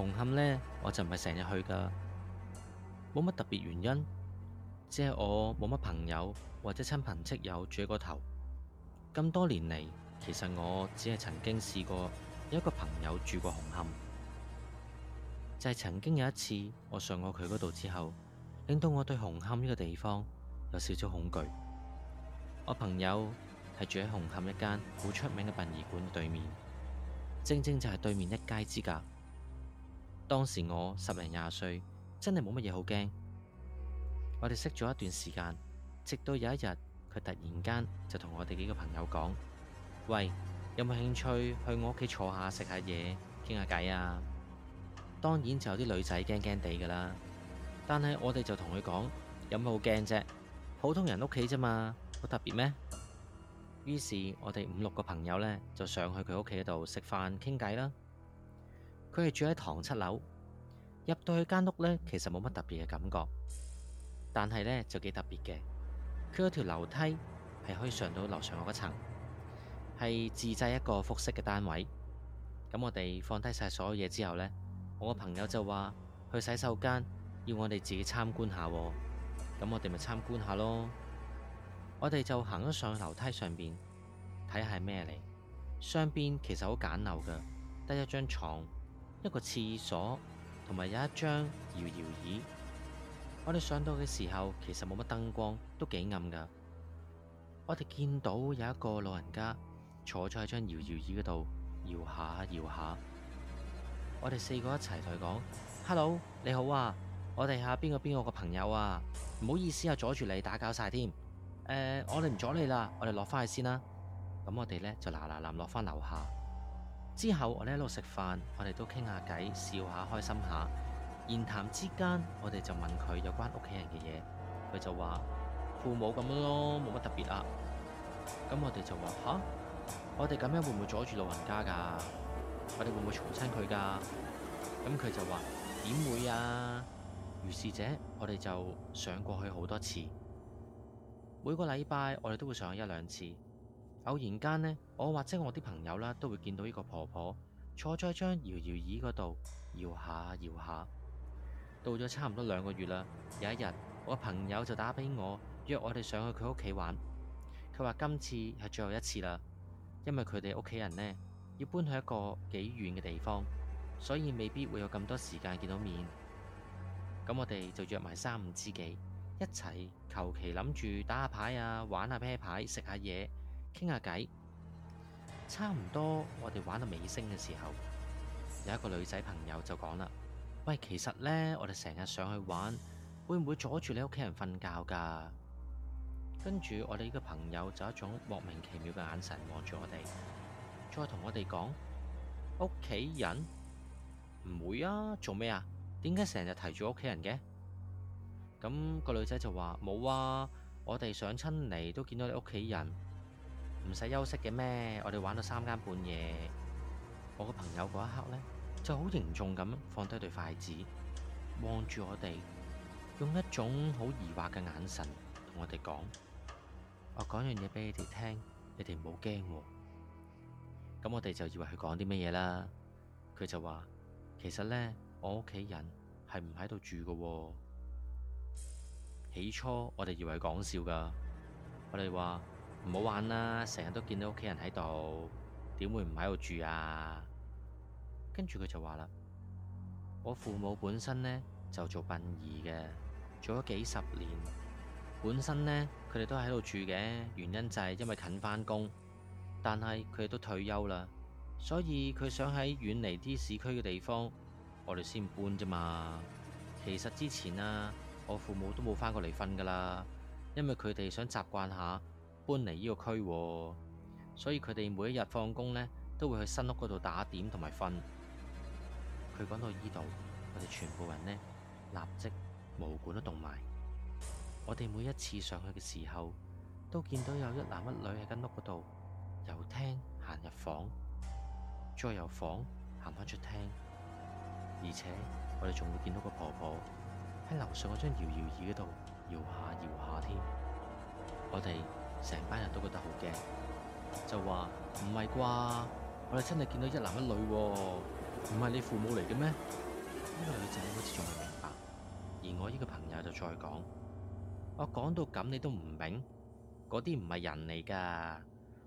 紅磡呢，我就唔係成日去噶，冇乜特別原因，只係我冇乜朋友或者親朋戚友住喺個頭。咁多年嚟，其實我只係曾經試過有一個朋友住過紅磡，就係曾經有一次我上過佢嗰度之後，令到我對紅磡呢個地方有少少恐懼。我朋友係住喺紅磡一間好出名嘅殯儀館對面，正正就係對面一街之隔。當時我十零廿歲，真係冇乜嘢好驚。我哋識咗一段時間，直到有一日，佢突然間就同我哋幾個朋友講：喂，有冇興趣去我屋企坐下食下嘢，傾下偈啊？當然就有啲女仔驚驚地㗎啦，但係我哋就同佢講：有冇好驚啫？普通人屋企咋嘛，好特別咩？於是我哋五六個朋友呢就上去佢屋企度食飯傾偈啦。佢係住喺唐七樓，入到去間屋呢，其實冇乜特別嘅感覺，但係呢，就幾特別嘅。佢有條樓梯係可以上到樓上嗰一層，係自製一個復式嘅單位。咁我哋放低晒所有嘢之後呢，我個朋友就話去洗手間，要我哋自己參觀下，哦，咁我哋咪參觀下咯。我哋就行咗上樓梯，上邊睇下係咩嚟？上邊其實好簡陋嘅，得一張床。一個廁所，同埋有一張搖搖椅。我哋上到嘅時候，其實冇乜燈光，都幾暗噶。我哋見到有一個老人家坐咗喺張搖搖椅嗰度，搖下搖下。搖下，我哋四個一齊同佢講，Hello，你好啊！我哋下邊個邊個個朋友啊？唔好意思啊，阻住你打攪晒添。誒、呃，我哋唔阻你啦，我哋落翻去先啦。咁我哋呢，就嗱嗱嗱落翻樓下。之後我哋一路食飯，我哋都傾下偈，笑下開心下。言談之間，我哋就問佢有關屋企人嘅嘢，佢就話父母咁樣咯，冇乜特別啊。咁我哋就話吓，我哋咁樣會唔會阻住老人家噶？我哋會唔會吵親佢噶？咁佢就話點會啊？如是者，我哋就上過去好多次，每個禮拜我哋都會上去一兩次。偶然間呢，我或者我啲朋友啦，都會見到呢個婆婆坐在張搖搖椅嗰度搖下搖下，搖下。到咗差唔多兩個月啦，有一日我朋友就打俾我約我哋上去佢屋企玩。佢話今次係最後一次啦，因為佢哋屋企人呢，要搬去一個幾遠嘅地方，所以未必會有咁多時間見到面。咁我哋就約埋三五知己一齊，求其諗住打下牌啊，玩下啤牌，食下嘢。傾下偈，差唔多我哋玩到尾聲嘅時候，有一個女仔朋友就講啦：喂，其實呢，我哋成日上去玩，會唔會阻住你屋企人瞓覺噶？跟住我哋呢個朋友就一種莫名其妙嘅眼神望住我哋，再同我哋講屋企人唔會啊，做咩啊？點解成日提住屋企人嘅？咁個女仔就話冇啊，我哋上親嚟，都見到你屋企人，唔使休息嘅咩？我哋玩到三更半夜，我個朋友嗰一刻呢，就好凝重咁放低對筷子，望住我哋，用一種好疑惑嘅眼神同我哋講：我講樣嘢俾你哋聽，你哋唔好驚。咁我哋就以為佢講啲咩嘢啦。佢就話：其實呢，我屋企人係唔喺度住嘅。起初我哋以為係講笑噶，我哋話。唔好玩啦，成日都見到屋企人喺度，點會唔喺度住啊？跟住佢就話啦，我父母本身呢，就做殯儀嘅，做咗幾十年。本身呢，佢哋都喺度住嘅，原因就係因為近翻工。但係佢哋都退休啦，所以佢想喺遠離啲市區嘅地方，我哋先搬啫嘛。其實之前啊，我父母都冇翻過嚟瞓噶啦，因為佢哋想習慣下。搬嚟呢個區，所以佢哋每一日放工呢都會去新屋嗰度打點同埋瞓。佢講到呢度，我哋全部人呢立即毛管都戙埋。我哋每一次上去嘅時候，都見到有一男一女喺間屋嗰度，由廳行入房，再由房行翻出廳。而且我哋仲會見到個婆婆喺樓上嗰張搖搖椅嗰度搖下搖下添。我哋。成班人都覺得好驚，就話唔係啩？我哋真係見到一男一女喎。哦，唔係你父母嚟嘅咩？呢個女仔好似仲未明白，而我呢個朋友就再講：我講到咁你都唔明，嗰啲唔係人嚟㗎，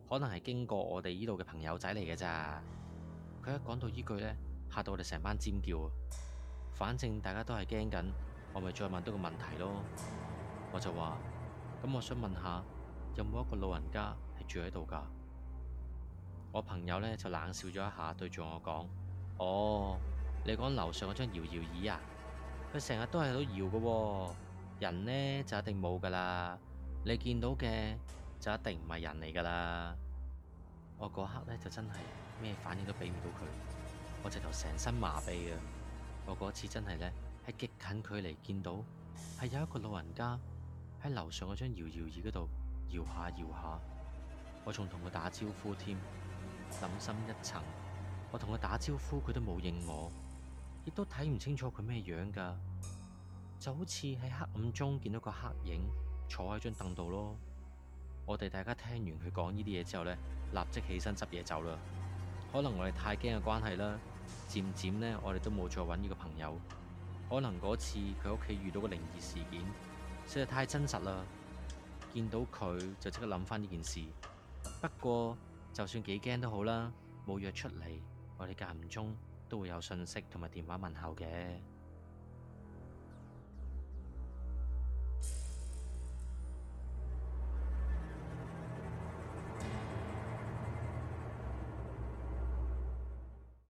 可能係經過我哋依度嘅朋友仔嚟嘅咋。佢一講到依句呢，嚇到我哋成班尖叫。反正大家都係驚緊，我咪再問多個問題咯。我就話：咁我想問下。有冇一個老人家係住喺度噶？我朋友呢就冷笑咗一下，對住我講：哦，你講樓上嗰張搖搖椅啊？佢成日都喺度搖嘅，人呢就一定冇噶啦。你見到嘅就一定唔係人嚟噶啦。我嗰刻呢就真係咩反應都俾唔到佢，我直頭成身麻痹啊！我嗰次真係呢，喺極近距離見到，係有一個老人家喺樓、哦、上嗰張搖搖椅嗰、啊、度。搖下搖下，我仲同佢打招呼添。諗深一層，我同佢打招呼，佢都冇應我，亦都睇唔清楚佢咩樣噶，就好似喺黑暗中見到個黑影坐喺張凳度咯。我哋大家聽完佢講呢啲嘢之後呢，立即起身執嘢走啦。可能我哋太驚嘅關係啦，漸漸呢，我哋都冇再搵呢個朋友。可能嗰次佢屋企遇到個靈異事件，真係太真實啦。見到佢就即刻諗返呢件事。不過就算幾驚都好啦，冇約出嚟，我哋間唔中都會有信息同埋電話問候嘅。